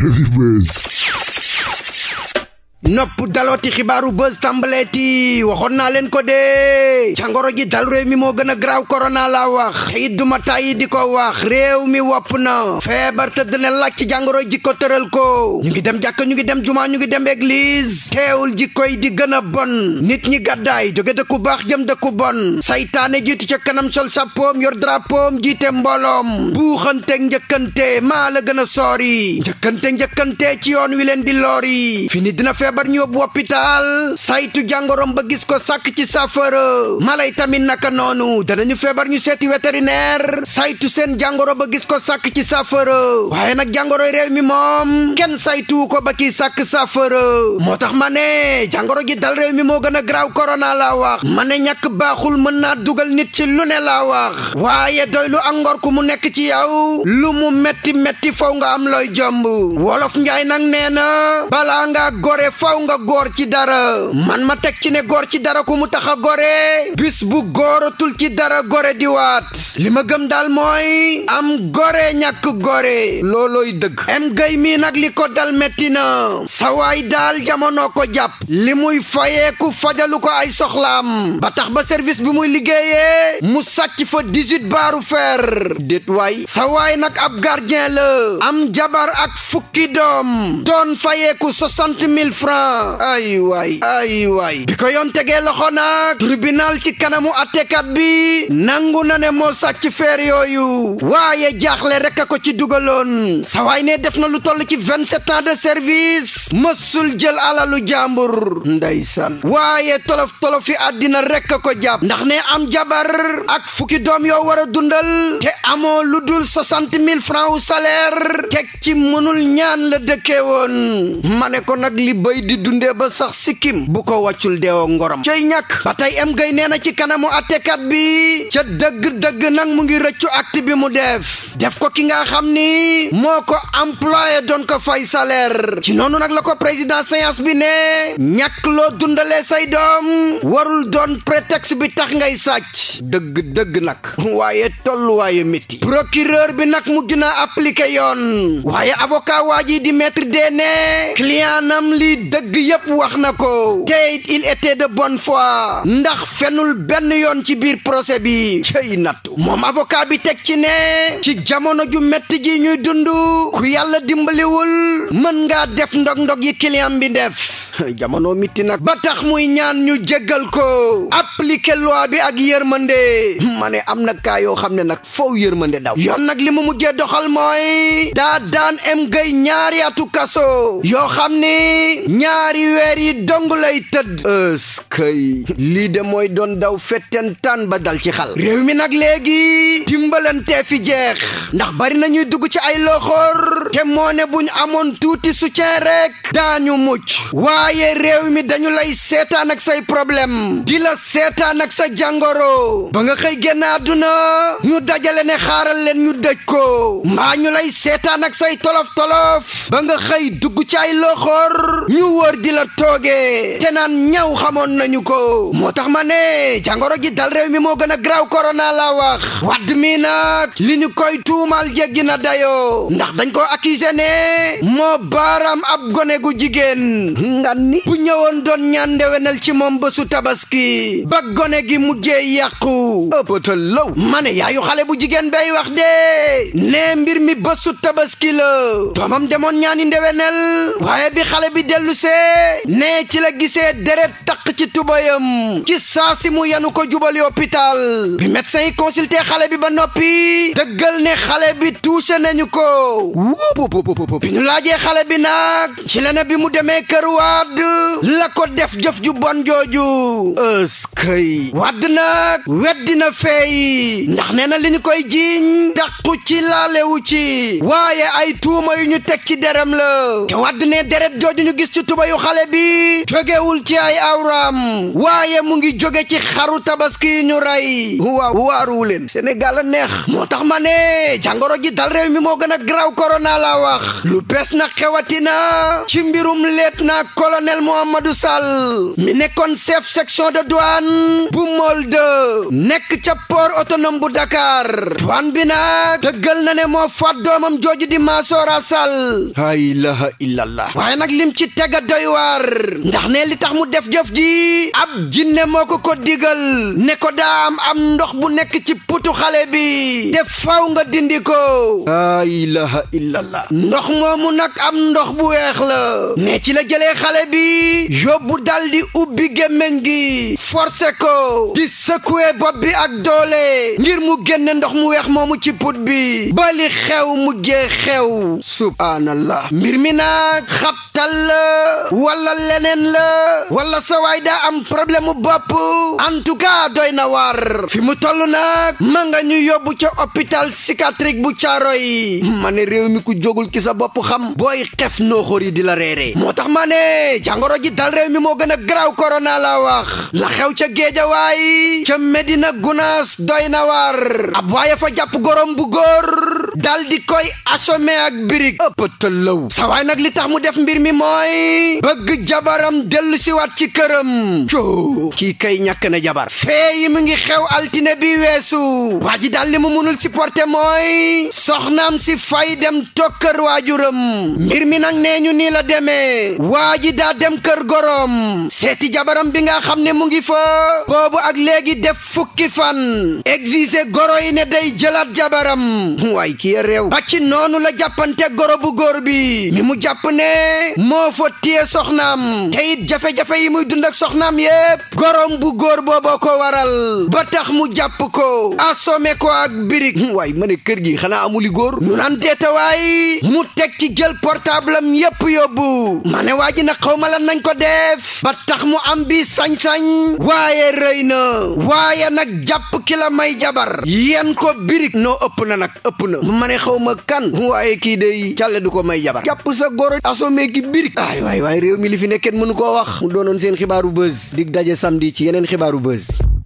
Heavyweight. nopp dalooti xibaaru buzz tàmbaleeti waxoon naa leen ko dee jangoro ji dal réew mi moo gën a graaw korona la wax it duma tàyyi di ko wax réew mi wopp na feebar te dina laaj ci jàngoro ji ko tëral ko ñu ngi dem jàkk ñu ngi dem jumaa ñu ngi dem église teewul ji koy di gën a bon nit ñi gàddaay jóge dëkku baax jëm dëkku bon saytaane jiitu ca kanam sol sapoom yor drapoom jiite mbooloom buuxante njëkkante maa la gën a soori njëkkante njëkkante ci yoon wi leen di feebar ñu yóbbu hôpital saytu jàngoroom ba gis ko sàkk ci saafara mala yi tamit naka noonu danañu feebar ñu seeti vétérinaire saytu seen jàngoro ba gis ko sàkk ci saafara waaye nag jàngoroy réew mi moom kenn saytuwu ko ba kii sàkk saafara moo tax ma ne jàngoro ji dal réew mi moo gën a graaw corona la wax ma ne ñàkk baaxul mën naa dugal nit ci lu ne laa wax waaye doylu ak ku mu nekk ci yaw lu mu metti metti faw nga am looy jomb wolof njaay nag nee na balaa nga gore faw nga góor ci dara man ma teg ci ne góor ci dara ku mu tax a gore bis bu góoratul ci dara gore di waat li ma gëm daal mooy am gore ñàkk gore loolooy dëgg em gay mii nag li ko dal metti na sawaay daal jamono ko jàpp li muy fayeeku fajalu ko ay soxlaam ba tax ba service bi muy liggéeyee mu sàcc fa 18 baaru fer déet waay sawaay nag ab gardien la am jabar ak fukki doom doon fayeeku francs ay waay ay waay bi ko yoon tegee loxo nag tribunal ci kanamu attekat bi nangu na ne moo sàcc feer yooyu waaye jaaxle rek a ko ci dugaloon sawaay ne def na lu toll ci vingt-sept ans de service mësul jël alalu jàmbur ndaysan waaye tolof tolofi àddina rek a ko jàpp ndax ne am jabar ak fukki doom yoo war a dundal te amoo lu dul soixante mille francs u salaire teg ci mënul ñaan la dëkkee woon ma ne ko nag li bëy xëy di dundee ba sax sikkim bu ko wàccul deewoo ngorom cay ñàkk ba tey m gay nee na ci kanamu attekat bi ca dëgg-dëgg nag mu ngi rëccu acte bi mu def def ko ki nga xam ni moo ko employé doon ko fay salaire ci noonu nag la ko président séance bi ne ñàkk loo dundalee say doom warul doon prétexte bi tax ngay sàcc dëgg-dëgg nag waaye tolluwaaye métti procureur bi nag mujj naa appliqué waaye avocat waa ji di maître dene client am lii dëgg yépp wax na ko tey il était de bonne ndax fenul benn yoon ci biir procès bi cëy nattu moom avocat bi teg ci ne ci jamono ju metti ji ñuy dund ku yàlla dimbaliwul mën ngaa def ndog-ndog yi client bi def jamono mitti nag ba tax muy ñaan ñu jéggal ko appliqué loi bi ak yërmande ma ne am na kaa yoo xam ne nag foo yërmande daw yoon nag li mu mujjee doxal mooy daa daan em gay ñaari atu kaso yoo xam ne ñaari weer yi dong lay tëdd ëskay lii de mooy doon daw fettentaan ba dal ci xal réew mi nag léegi dimbalantee fi jeex ndax bari nañuy dugg ci ay loxoor te moo ne buñ amoon tuuti soutien rek daañu mucc waa waaye réew mi dañu lay seetaan ak say problème di la seetaan ak sa jàngoro ba nga xëy génn àdduna ñu dajale ne xaaral leen ñu dëj ko mbaa ñu lay seetaan ak say tolof-tolof ba nga xëy dugg ci ay loxoor ñu wër di la toogee te naan ñaw xamoon nañu ko moo tax ma ne jàngoro ji dal réew mi moo gën a graw korona laa wax wadd mi li ñu koy tuumal jéggi na dayoo ndax dañ ko accusé ne moo baaraam ab gone gu jigéen ni bu ñëwoon doon ñaan ndewenal ci moom bésu tabaski ba gone gi mujjee yàqu ëppata law ma ne yaayu xale bu jigéen bay wax de nee mbir mi bésu tabaski la doomam demoon ñaani ndewenal waaye bi xale bi dellu see nee ci la gisee deret taq ci tubayam ci saa si mu yanu ko jubal hôpital bi médecin yi consulté xale bi ba noppi dëggal ne xale bi touché nañu ko bi ñu xale bi nag ci la bi mu demee kër waa Wade la ko def jëf ju bon jooju ëskëy Wade nag weddi na feey ndax nee na li ñu koy jiiñ daqu ci laalewu ci waaye ay tuuma yu ñu teg ci derem la te Wade ne deret jooju ñu gis ci tuba yu xale bi jógewul ci ay awram waaye mu ngi jóge ci xaru tabaski yi ñu rey waaw waaruwu leen a neex moo tax ma ne jàngoro ji dal réew mi moo gën a graw korona la wax lu bees na xewatina ci mbirum leet naa ko colonel Mouhamadou Sall mi nekkoon chef section de douane bu Molde nekk ca port bu Dakar douane bi nag dëggal na ne moo faat doomam jooju di Masora la ilaha waaye nag lim ci tega doy waar ndax ne li tax mu def jëf ji ab jinne moo ko ko digal ne ko daa am ndox bu nekk ci putu xale bi te faw dindi ko nag am ndox bu weex la ne ci la jëlee xale xale bi yóbbu daldi ubbi gémmiñ gi forcé ko di secouer bopp bi ak doole ngir mu génne ndox mu weex moomu ci put bi bali xew mu gee xew subhaanallah mbir mi nag xabtal la wala leneen la wala sa waay am problème mu bopp en doy na war fi mu toll nag ma nga ñu yóbbu ca hôpital psychiatrique bu caaro yi ma ne réew mi ku jógul ki sa bopp xam booy xef nooxóor yi di la reere moo tax ma ne de jàngoro ji dal réew mi moo gën a garaaw korona la wax la xew ca géejawaay ca Medina Gunaas doy na war ab waaye fa jàpp gorom bu góor daldi koy assommé ak birig ëpp tëllaw sa waay nag li tax mu def mbir mi mooy bëgg jabaram dellu si waat ci këram coo kii kay ñàkk na jabar fee mu ngi xew altine bi weesu waa ji mu munul supporter mooy soxnaam si fay dem tokkër waajuram mbir mi nag nee ñu nii la demee waa daa dem kër gorom seeti jabaram bi nga xam ne mu ngi fa boobu ak léegi def fukki fan exige goro yi ne day jëlaat jabaram waay ki a réew ba ci noonu la jàppante goro bu góor bi mi mu jàpp ne moo fa téye soxnaam te it jafe-jafe yi muy dund ak soxnaam yépp gorom bu góor booboo ko waral ba tax mu jàpp ko assommé ko ak birig waay ma ne kër gi xanaa amuli góor ñu naan deetawaay mu teg ci jël portable am yépp yóbbu ma ne waa ji nag xaw ma nañ ko def ba tax mu am bi sañ-sañ waaye rëy na waaye nag jàpp kila may jabar yan ko birig noo ëpp na nag ëpp na ma ne xaw ma kan waaye kii day càlle du ko may jabar jàpp sa goro asomee ki birig ay waay waay réew mi li fi nekk kenn mënu koo wax mu doonoon seen xibaaru buzz dig daje sam samedi ci yeneen xibaaru buzz